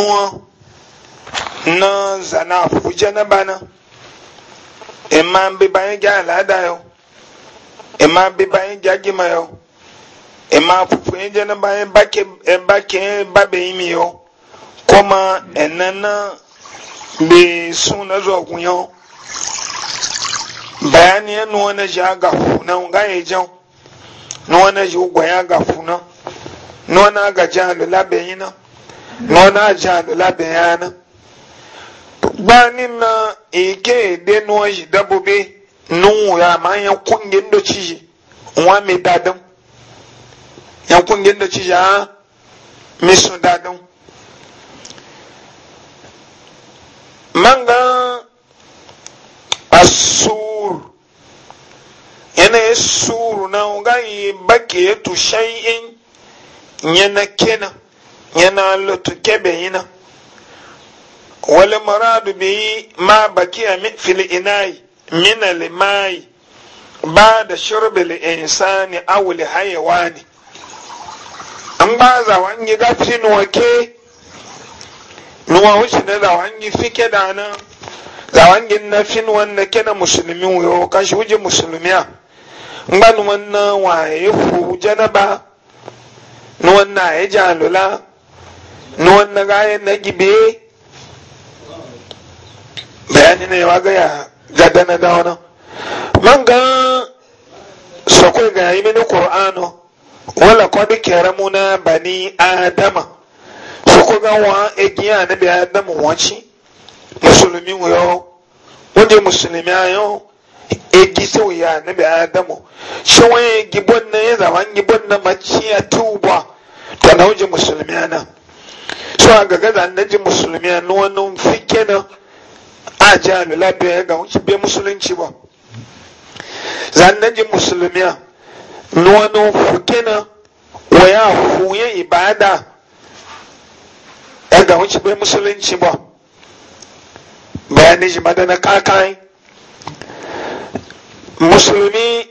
nuwa na zana afufu janaba na ima bi bayan gya al'ada yau ima e bi bayan gya gima yau ima e afufu yin janaba yin bake e yin babe yi mi yau kuma enana bi sun na zuwa kun yau bayani ya nuwa na ji aga funa ga ya jan nuwa na ji ugwa ya aga funa nuwa na aga jan alula bayi na wọn náà jẹ àlùlá bẹ̀yà ná gbá nínú èké èdè ní dábòbí nùhùn yà máa yẹn kúnjẹ ńdọ̀chí yìí wọn mi dáadọ́n yẹn kúnjẹ ńdọ̀chí yìí á mi sùn dáadọ́n. manga asur yana ya na ga yi ya tushen yana kenan yana lutu kebe yina wale maradu bi ma baki a fili min mina limai ba da li insani aw li hayawani an ba za wani gafi ke nuwa wuce da za wani fike da nan za wani na fin wanda ke na musulmi wuyo kashi wuje musulmiya ngba nuwan wannan waye fu janaba nuwan na ya lula. na wannan rayan na gibe bayani ne wa ga ya gada na da wani man ga sakwai ga yi mini ƙor'ano wala kwadi kera muna bani adama sakwai ga wa egiya na bi adama wanci musulmi wuyo wanda musulmi ayo egi sau ya na bi adamu shi wani gibon na ya zama gibon na maciya tuba ta nauje musulmi nan so a gaga da annaji musulmi a wani fike na a ji alula biya ga wuce bai musulunci ba annaji musulmi a wani fike na waya huye ibada ya ga wuce bai musulunci ba bayanin shi madana kakai musulmi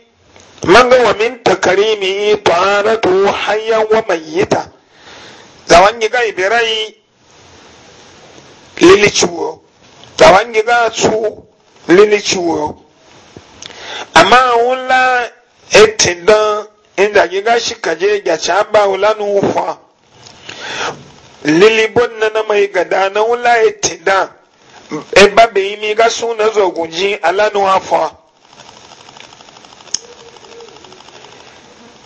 man ga wa min takarimi ta'aratu hayyan wa mayyita zawangi ga ibirai lili ciwo zawangi e ga su lili chuo amma wula etin don inda giga shi kaje ga chaba ba wula nufa lili bonna na mai gada na wula etin e eba bai mi ga suna zogunji alanu afa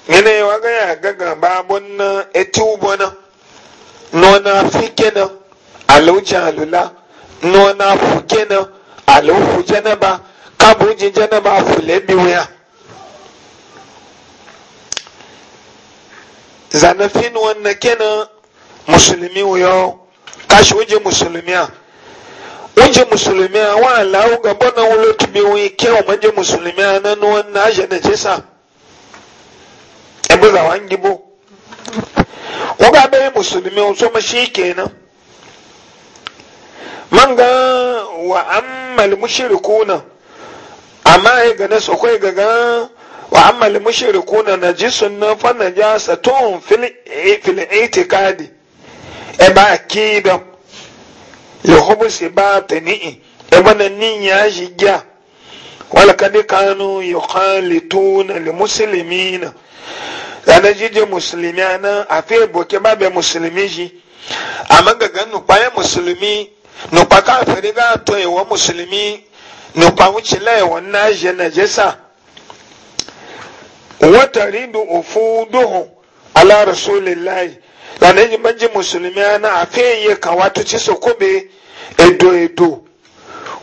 yana yi wa gaya gaga babon na etu bonan nona fi kenan alujin alula nona fu kenan alufu janaba kabujin janaba fu lebi zanafin wannan kenan musulmi wuyo kashi uje musulmi a uje wa alawu gaba na wulo tubi wuyi kyau maji musulmi a nan wannan ajiye na jisa ebe zawa ko ba bai musulmi wasu mashi kenan man ga wa ammal mushrikuna amma ya ga nasu akwai ga ga wa ammal mushrikuna najisun na fa najasa tun fil itikadi e ba kidan e ya hubu si ba ta ni'i e bana nin ya shigiya wala kadi kanu yuqalituna lil muslimina zana je musulmi ana afe boke ba be musulmi ji amma gaga nukpa ya musulmi nukpa kafiri ga to ewa musulmi nupa wuce la ewa na je na jesa wata rindu ofu duhu ala rasulillahi zana ji manji musulmi ana afe ye kawatu ci sokobe edo edo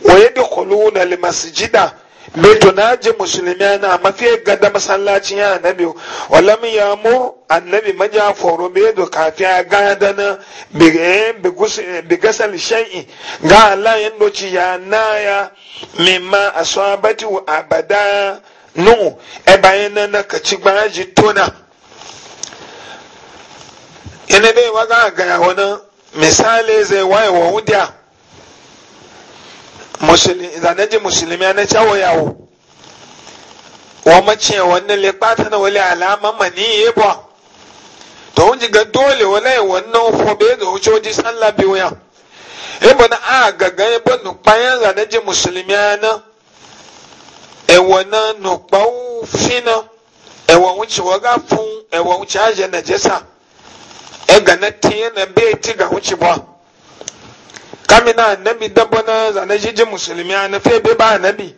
wa na limasjida beto na ji musulmi na mafi gada masallacin ya annabi walam ya mu annabi maja foro be do kafi a gada na bi eh, eh, gasar shan'i ga Allah ya doci ya naya mimma asabati abada nu e bayan na kaci gbaji tona ina dai waga ga wani misali zai waye wa wudiya musulmi zanaji musulmi na cawo yawo wa mace wannan le bata na wale alama mani ye ba to hunji ga dole wala e e ya wannan fobe da hucoji sallah biyu ya e bana a gaga e ba nukpayan zanaji musulmi na e wana nukpawu fina e wa wuce waga fun e wa wuce aje na jesa e ga na tiye na bai ti ga wuce ba na annabi dabba na zane jijin musulmi na bai ba annabi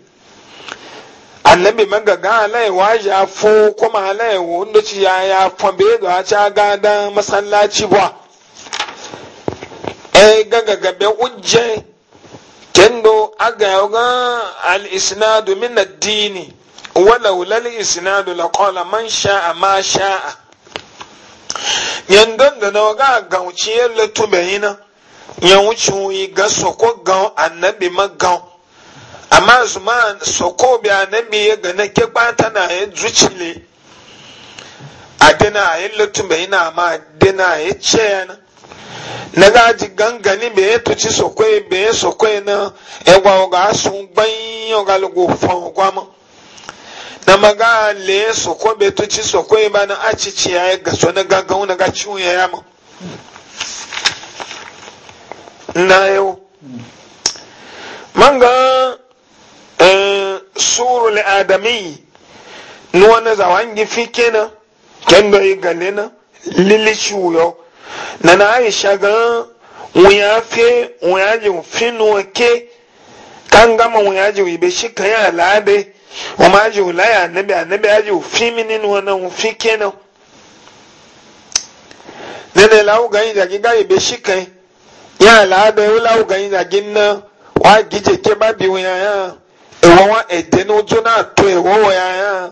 annabi magaga alaiwa ya fo kuma alaiwa wanda ci ya ya fabe da ci gada masallaci ba ai e, gaga gabe ujje kendo aga yoga al isnadu min ad-dini walau lal isnadu man sha'a ma sha'a yandan da na ga gauci yalla tubayina yan wuce yi ga soko gan annabi ma gan amma ma soko bi annabi ya ga na ke kwanta na ya zucile a ya lutun bai na ma dina ya ce na na gaji gangani bai ya tuci soko ya bai ya soko ya na ya gwawo ga sun gbanyo ga lugu fan gwama na maga le soko bai tuci soko ya ba na acici ya ga so na gaggawa na ga ciwo ya yama. nayo manga eh, suru adami wani zawangi fi kena kendo yi galena lili shuyo na na aisha ga wuya wuyaji wuya ji finu ke kan gama wuyaji ji wibe shi ka ya labe wa ma ji wulaya annabi annabi ya ji fi minin wani fi kenan nene lawo ga yi da giga ibe shi kai yà láàbẹ wúláwù gàyìn nàgí ná wàá gíje ké bá bí wọn yàn èwọ wọn èdè ní ojú náà tó èwọ wọn yàn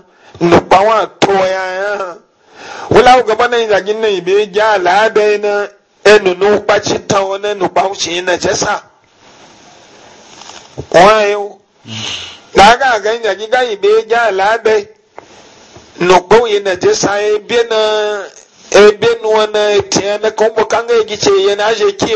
nùpà wọn àtó wọn yàn wúláwù gàbọ náà nàgí ná ìbí yà láàbẹ iná ẹnu ní kpàtí tán wọn náà nùpà wọn sìn náà kyẹ́sà wọn yẹn làákà gàyìn nàgí gàyìn ìbí yà láàbẹ nùpà wọn yẹn náà ẹbí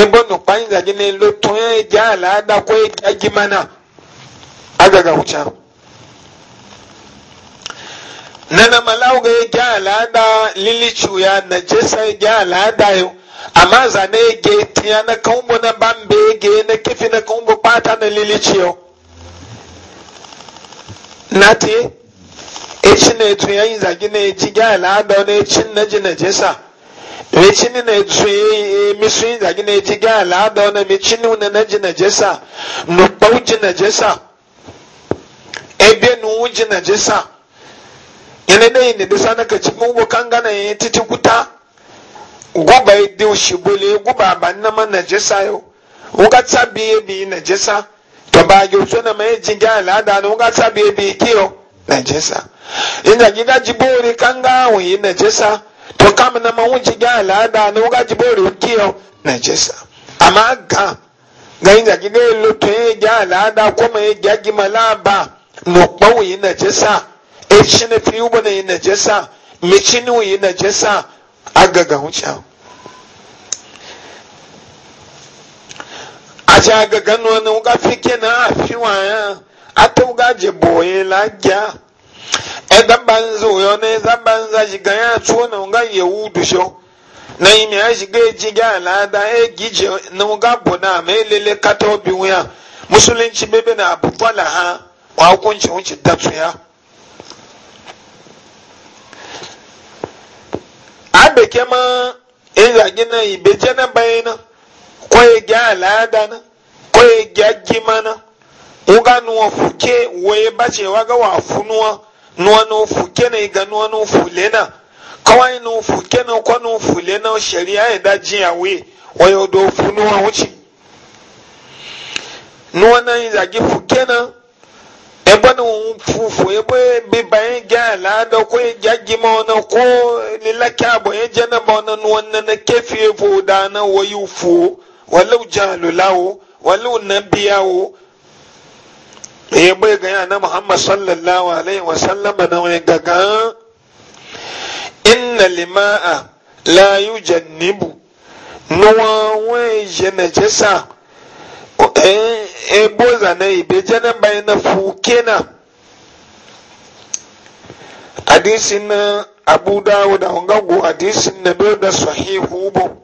ebo nukpanyi zage ne lo tun ya ja al'ada ko ya kyagi mana agaga wuce nana malawu ga ya da lili lilicu ya na jesa ya da al'ada ama amma ne ya ge tiya na kaumbo na bambe ya ge na kifi na kaumbo pata na lilici yau na te e ci na etu ya yi zage ne ya ci ja al'ada na ya na ji na jesa me chini e, na etsu mi su yin zagi na eji ga ala da ona mi chini una na ji na jesa no pau na jesa ebe nu ji na jesa yana da yin da sana ka cikin ubo kan na yin titi kuta guba ya diu shi bole guba na na jesa yo wuka tsabi ya e bi na jesa to ba gi na ma eji ala da na wuka tsabi ya e bi kiyo na jesa yin zagi ga jibori kan ga na jesa to kam na mawun ci ga alada na wuga ji bori kiyo na jesa amma ga ga inda ki ga lutu e ga alada kuma e ga gi malaba no bawu yi na jesa e shi ne fi ubo ne na jesa mi ci ni yi na jesa aga ga huncha a ja ga ganu ne wuga fi kenan a fi wa ya a ta wuga je boye la gya ɛda banza oyɔ na za banza zi ganya tso na nga yewu dusho na imi a zi ge ji ga alada e gije na nga bo na ma elele kata obi nwea musulunci bebe na abufala ha wa hukunci hunci datu ya abeke ma eza gina ibeje na bayina ko ye ga alada na ko ye ga gima na nga nuwa fuke wo ye bace waga wa funuwa nuwa nufu kene ga nuwa nufu lena kawai nufu kene kwa nufu lena shari'a ya daji ya we wayo dofu nuwa wuce nuwa na yi zagi fu kene ebe na fufu ebe biba ya ga al'ada ko ya gyagi ma wani ko lilaki abu ya jana ba wani wannan na kefi ya fo da na wayo fu walau jahilulawo walau nabiyawo ya bai gaya na muhammad sallallahu alaihi wasallam na wani gaga inna lima'a la yujannibu nuwa wai jasa? e eh, eh, boza na ibe jana bai na fukena hadisin na abu dawud a hungago hadisin na bai da sahihu bu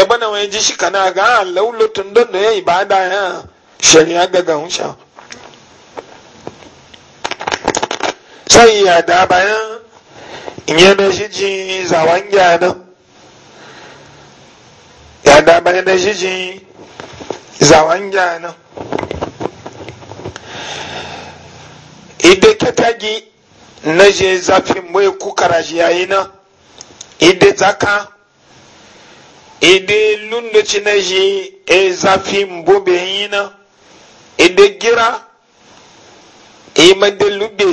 ebe eh, na wani ji shi kana ga ah, laulutun don da ya yi ba da ya shari'a ga gaunsa sai ya da bayan inye na shi ji zawon gyana ya da bayan na shi ji zawon gyana ide ketagi na je zafin mai kukara shi yayi na ide zaka ide lundo na ji e zafin bobe yina ide gira e made lube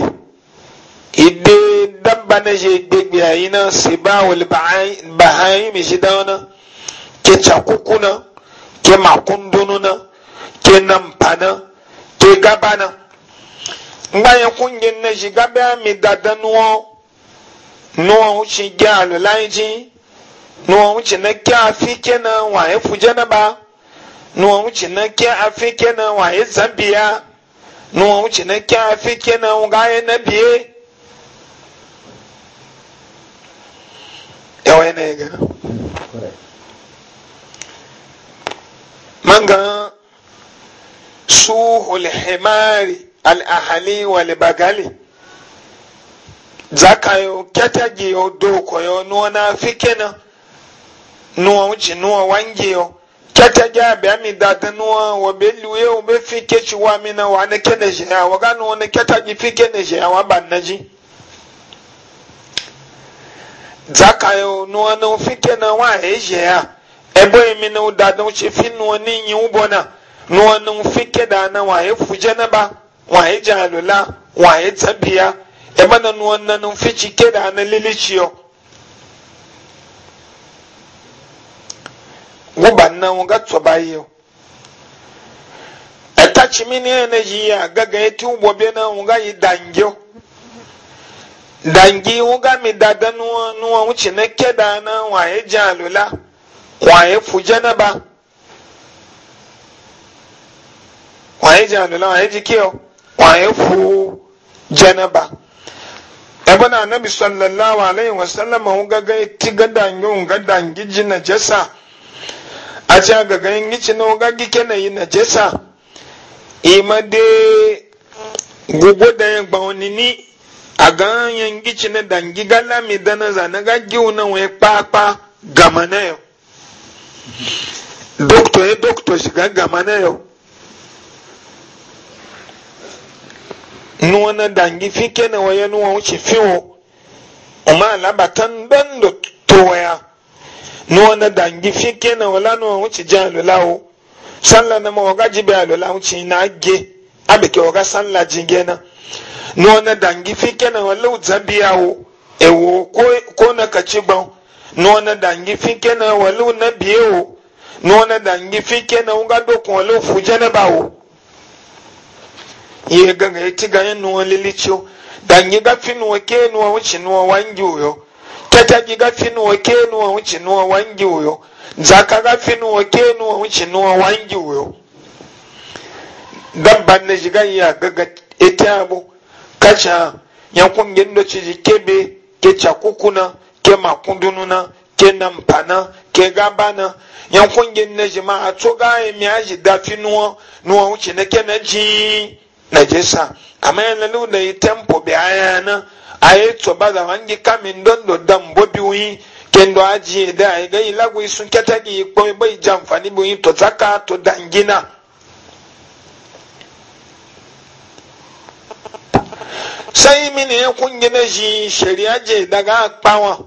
ide dabba na ji ide gbiya yina si ba wali bahayi mi shi dauna ke cakukuna ke makundununa ke namfana ke gabana ngbanyen kungin na shi gaba mi dadanuwa nuwa shi gyalu layin nuwa wuce na kya afi kenan waye fuje na ba nuwa wuce na kya afi kenan waye zambiya nuwa wuce na kya afi kenan gaye na biye yawai na yaga manga suhul himari al'ahali wal bagali zakayo kyatagiyo dokoyo na fi kenan nuwa wuce nuwa wange yo kyata ja mi nuwa wa be luye fi ci wa na wa na na shi ya wa gano finke na shi wa ba ji nuwa na fi na wa he shi ebo mi na fi nuwa ni yi na nuwa na fi da na wa he na ba wa jalula wa he ebe na fi da na wo ba nan wo ga tso ba yo eta chimi ne ne ji ya eti wo na wo ga yi dangyo dangi wo ga mi dada nu nu wo ne na wa ye jalula wa ye fuje na ba fu na anabi sallallahu alaihi wasallam wo ga eti ga dangi wo ga dangi ji jasa a ci ga ganin gici na oga gike na yi na jesa ima de gugu da ya gba wani ni a ganyen gici na dangi gala mi dana zana ga giwu na wani kpakpa gama na yau dokto ya e dokto shiga gama na yau nuwa na dangi fi kenan waya nuwa wuce fiwo umar labatan don da towaya nuwa na dangi fi kenan wala nuwa wuce jan alula wo sanla na ma waga jibe alula wuce na ge abike waga sallah jinge na nuwa na dangi fi kenan wala wuce biya wo ewo ko na kaci gban nuwa na dangi fi kenan wala na biye wo nuwa na dangi fi kenan wuga dokun wala fu janaba wo iye ganga ya ci ganyen nuwa lilicio dangi gafi nuwa ke nuwa wuce nuwa wangi wo tatagi ga kenuwa wucinuwa wangi wuyo zaka ga finuwa kenuwa wucinuwa wangi wuyo gabban na shigan ya gaga ita abu kacha yankun gindo ciji kebe ke cakukuna ke makundununa ke nampana ke gabana yankun gindo ji ma a to gaya mi aji nuwa wuce na ke na ji na jesa amma yana lula yi tempo bi ayana aye tsoba da wangi kamin don do dan bobi wi kendo aji da ayi ga ilagu isun ketagi ko bai jamfani bu yin to zaka to dangina sai mini ya kungi na shi shari'a je daga akpawa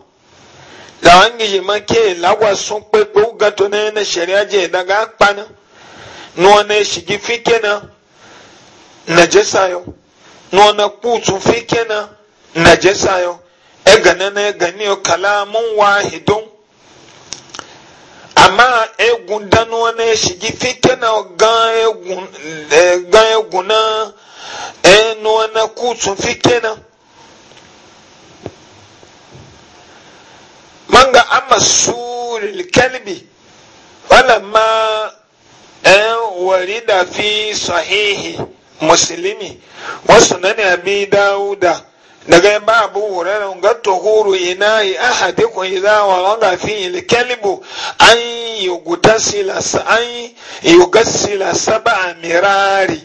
da wangi ji ke lagwa sun pe ko gato na yana shari'a je daga akpana na shigi fi kenan najasa yo na kutu fi kenan na jesa yo e na kalamun wahidun amma egun dano wani shigi fita na gan egun e e na enu wani kutsun fita na manga amma suril kalbi wala ma warida fi sahihi wasu nani abi dauda daga yin ba abu wuraren gato huru ina yi ahadi ku idza warada fi al-kalbu an yi an yughsila sab'a mirari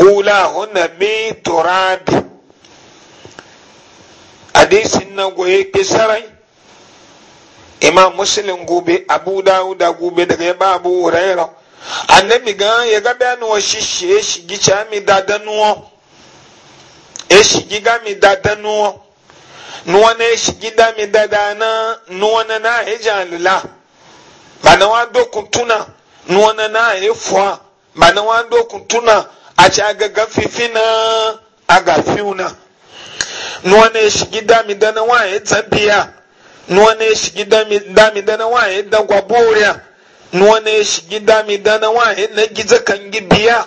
ula hunna bi turabi hadisin na goye ke sarai imam muslim gube abu dawuda gube daga ya ba abu wuraren annabi ga ya ga bayanuwa shi shi gicha mi dadanuwa e eshigi gami dada nuwo nuwo na eshigi dami dada na nuwo na na eji alula ba na wa dokun tuna nuwo na na efuwa ba na wa dokun tuna a ci agaga fifi na aga fiuna nuwo na eshigi dami dana wa ya tabiya nuwo na eshigi dami dana wa ya dagwa boriya nuwo na eshigi dami dana wa ya na gizakan gibiya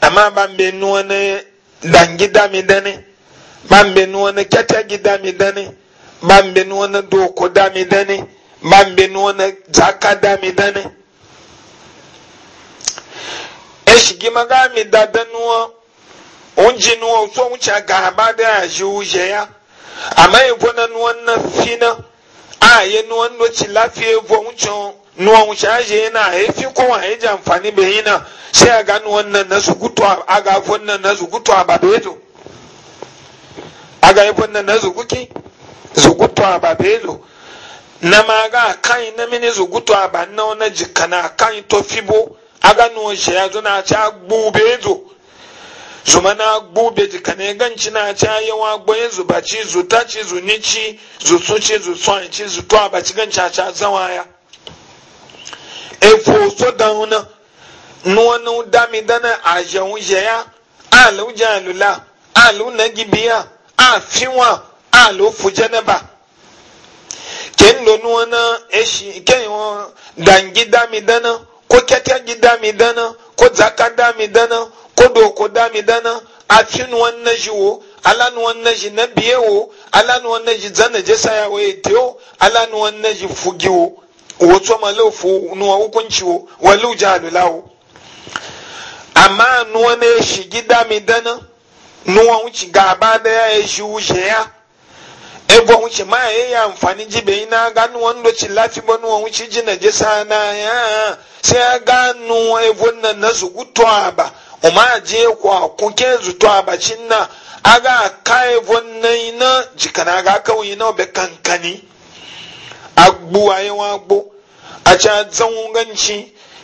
amma ban bai nuwo na dan gida mi dani man be wani kyata gida mi dani man be wani doko dami dani man be wani jaka da mi dani e shigi maga mi da danuwa unji nuwa so wuce ga haba da ya shi wuce ya amma ibo na nuwan na fina a ye nuwa no ci lafiya bo wucin nuwa wucin aje yana efi ko haiji amfani nfani yana sai a ga nuwan nan na su gutu a ga nan na su gutu a babezo a ga ifon nan na zuguki zugutu a babezo na ma ga kai na mini zugutu a na wani jikana kai to fibo aga ga nuwan shi na ci a gbubezo zuma na gbube ti kane ganci na ca yawa gbaye zubaci zutaci chi zusuci chi zutuwa baci ganci a ca zawaya efo so dauna nuwanu dami dana a jẹun jẹya a lu jalula a lu nagibiya a fiwa a lu fujanaba ken lo nuwana eshi ken wọn dangi dami dana ko kẹkẹ gi dami dana ko zaka dami dana kodo ko dami dana a finu wannan shi wo alanu wannan shi na biye wo alanu wannan shi zana jesa ya waye teo alanu wannan shi fugi wo wato malo fu nuwa hukunci wo walu jalula wo amma nuwa na shi gida dami dana nuwa wuce gaba da ya shi e wuce ya ebo wuce ma e ya yi amfani jibe ina ga nuwa ndoci lati ba nuwa wuce ji na jesa na ya sai ya ga nuwa ebo na na zugutuwa ba ma je kwa kuke zuto abacin na aga kai vonnai na jikana aga kawai na obe kankani agbu ayi agbu a ci azan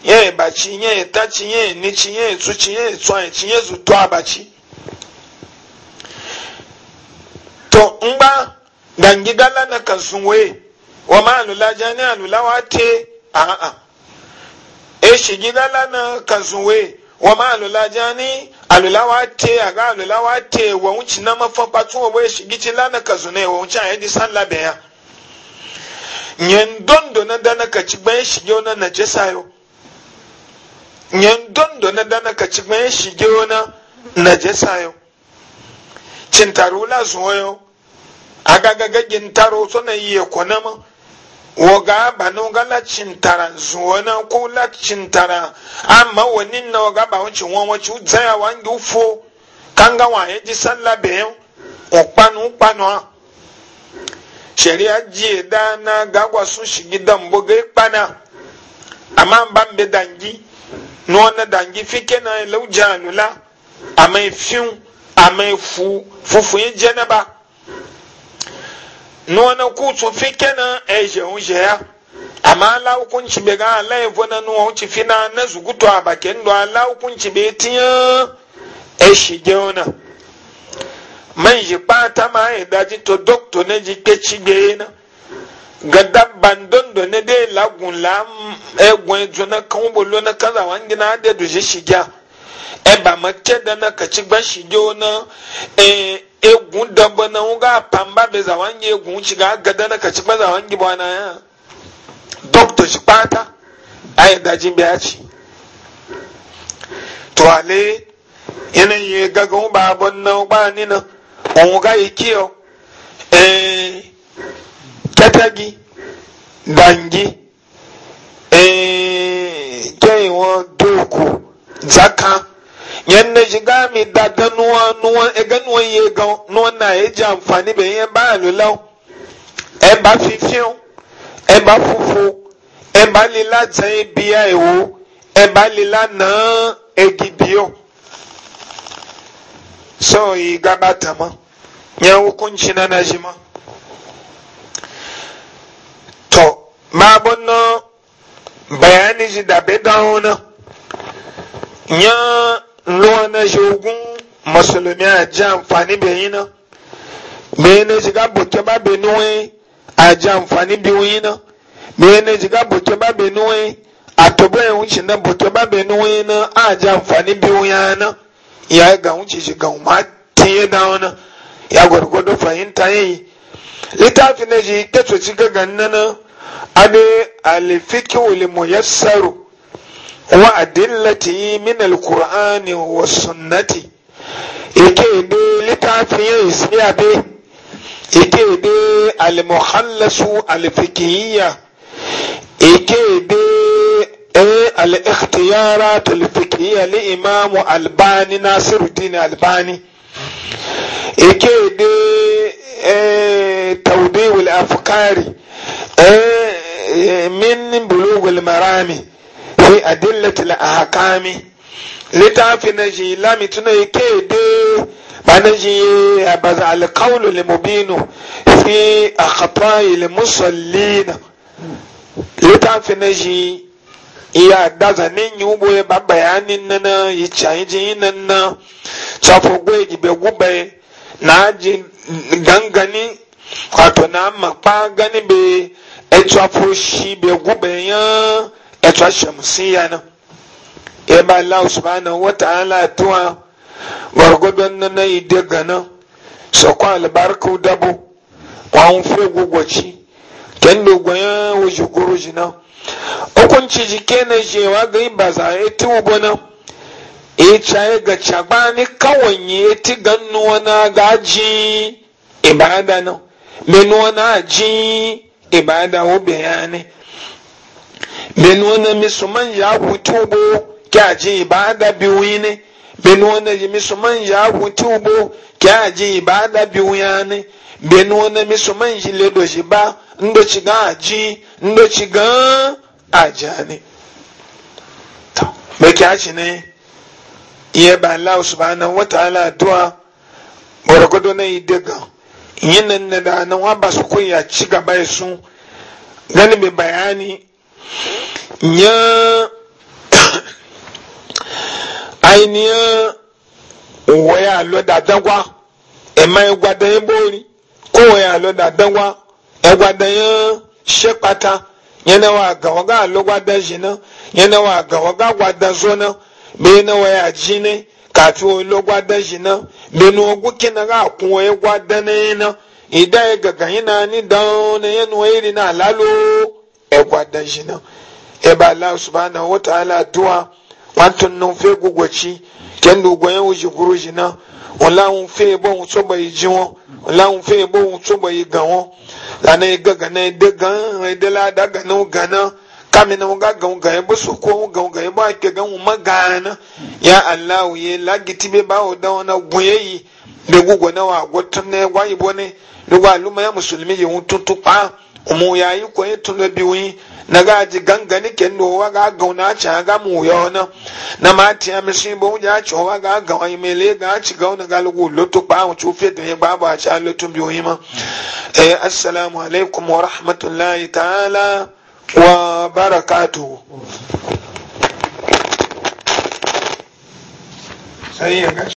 ya ye baci ye taci ye nici ye suci ya tsoye ci ye zuto abaci to ngba gangi gala na kasunwe wa ma alula jani alula wa te a e shigi gala na kasunwe wọ́n máa lòlá já ní wa tẹ àgá àlòlá wa tẹ wọ̀n tí náà máa fọ́pá tún wọ́n ṣègí tí lánàá kàzù wa wọ̀n tí àyẹ̀dí sálà bẹ̀yà. na dana kaci gbẹ́n ṣìgẹ́ wọn na jẹ́ sáyọ. dondo na dana kaci gbẹ́n ṣìgẹ́ wọn na jẹ́ sáyọ. cintaru la zuwa yau agagaga gintaro suna yi ya kwanama. woga banu ga lacin tara zuwa na ko lacin tara amma wani na woga ba wancin wọn wacce zaya wangi ufo kan ga waye ji sallah ya ukpanu kpanu a shari'a ji da na gagwa sun shigi ga buga kpana amma ban be dangi no na dangi fike na e lauja alula amma e fin amma e fu fufu yin janaba ba nuna kutu fi kenan e unje ya amma ala hukunci bai ga ala evo na nuwa hukunci fi na na zugutu a bakin do ala hukunci be tiya e shige man ji pata ma ya daji to doktor ne ji ke cige na ga dabban dondo ne dai lagun la ejo jona kan bolo na kaza wangi na ade shi shiga e ba mace da na kaci gba shige ona eh un dabba na un ga pamba be za egwu gun ci ga gada na kaci ba za wange ba na ya doctor shi pata ai dajin biya ci to ale yana ye gaga un ba bon na ba ni na ki ga ikiyo eh katagi dangi eh kai won doku yan na shiga mi da ganuwa nuwa e ganuwa ye gan nuwa na e ji amfani bɛ yɛn ba alulau ɛ ba fifiɛn ɛ e ba fufu ɛ e ba lila jɛn biya ewo ɛ e ba lila naa egi biyo so yi gaba tama yan hukunci na na ma. to babu na bayani ji da hona. dawo yan lo na jogun musulmi a ji amfani da yi na me na jiga boke ba be nuwe a ji amfani bi yi na me na jiga boke ba be nuwe a tobo ya wuce na boke ba be nuwe na a ji amfani bi ya na ya ga wuce shi ga ma tiye da wani ya gwargwado fahimta yi littafi na ji ta tsoci ga ganna na ade alifikin ulimu saro. وأدلتي من القرآن والسنة إكي دي لتعفية اسمي به إكي دي المخلص الفكهية إكي دي إيه الاختيارات الفكرية لإمام الباني ناصر الدين الباني إكي دي إيه توضيح الأفكار إيه من بلوغ المرامي fi adillatil ahkami littafi na ji lami tuna yake de ba na ji baza alqawlu limubinu fi akhta'i limusallina littafi na ji iya daza nin yi ubo ya ba bayanin nana yi cayi ji nan tsafo gwe gibe gube na ji gangani wato na makpa gani be etsafo shi be gube yan ɛtɔ shamsiya na ɛba allah subhanahu wa ta'ala tuwa gwargwadon na na yi daga na sɔkɔ alibarku dabo kwan fe gugwaci kendo gwaya wuji guru jina hukunci jike na jewa ga ba za a ti ubo na e caye ga cagbani kawanye eti ganu gannuwa na gaji ibada na menuwa na ji ibada wo bayani benu wani musulman ya hutu bo kyaji ibada biyu ne benu wani musulman ya hutu bo kyaji ibada biyu ya ne benu wani musulman ji ledo ji ba ndo ga aji ndo ci ga aja ne bai kyaci ne iya ba Allah subhanahu wa ta'ala addu'a gwargwado na yi daga yinan na da nan wa ba su kun ya ci gaba sun gani mai bayani ya ainihin waya loda dadagwa, ẹ̀ma ẹgbàdàn yẹn bóri kó waya loda dagwa ẹgbàdàn yẹn ṣe pata yẹn náà wà gàwọ́gà àlọ́gbàdàn yìí náà yẹn náà wà gàwọ́gà gbàdàn zọ́ na bẹ́ẹ̀ náà waya jí ní kàtí ológbàdàn yìí náà na ìdá gàgà e ba Allah subhanahu wataala addu'a wantun nun fe gugwaci ken du goyen wuji guruji na wala un fe bo un so bai ji won wala un fe bo un so bai ga won ana e ga gana de gan e de la da gana gana kami na ga ga ga bo so ko ga ga ba ke ga un magana ya Allah ye lagiti be ba o da wona gwayi be gugwa na wa gotun ne gwayi bo ne ruwa luma ya musulmi ye un tutu pa mu yayi ko yi tunu biwi na gaji gangani ken do wa ga gauna cha ga mu yo na na ma ti am shi bo ja cho wa ga ga ai me le ga ci ga na ga lu lu to pa mu chu fe de ye ba ba cha lu tun biwi ma eh assalamu alaikum wa rahmatullahi ta'ala wa barakatuh sai ya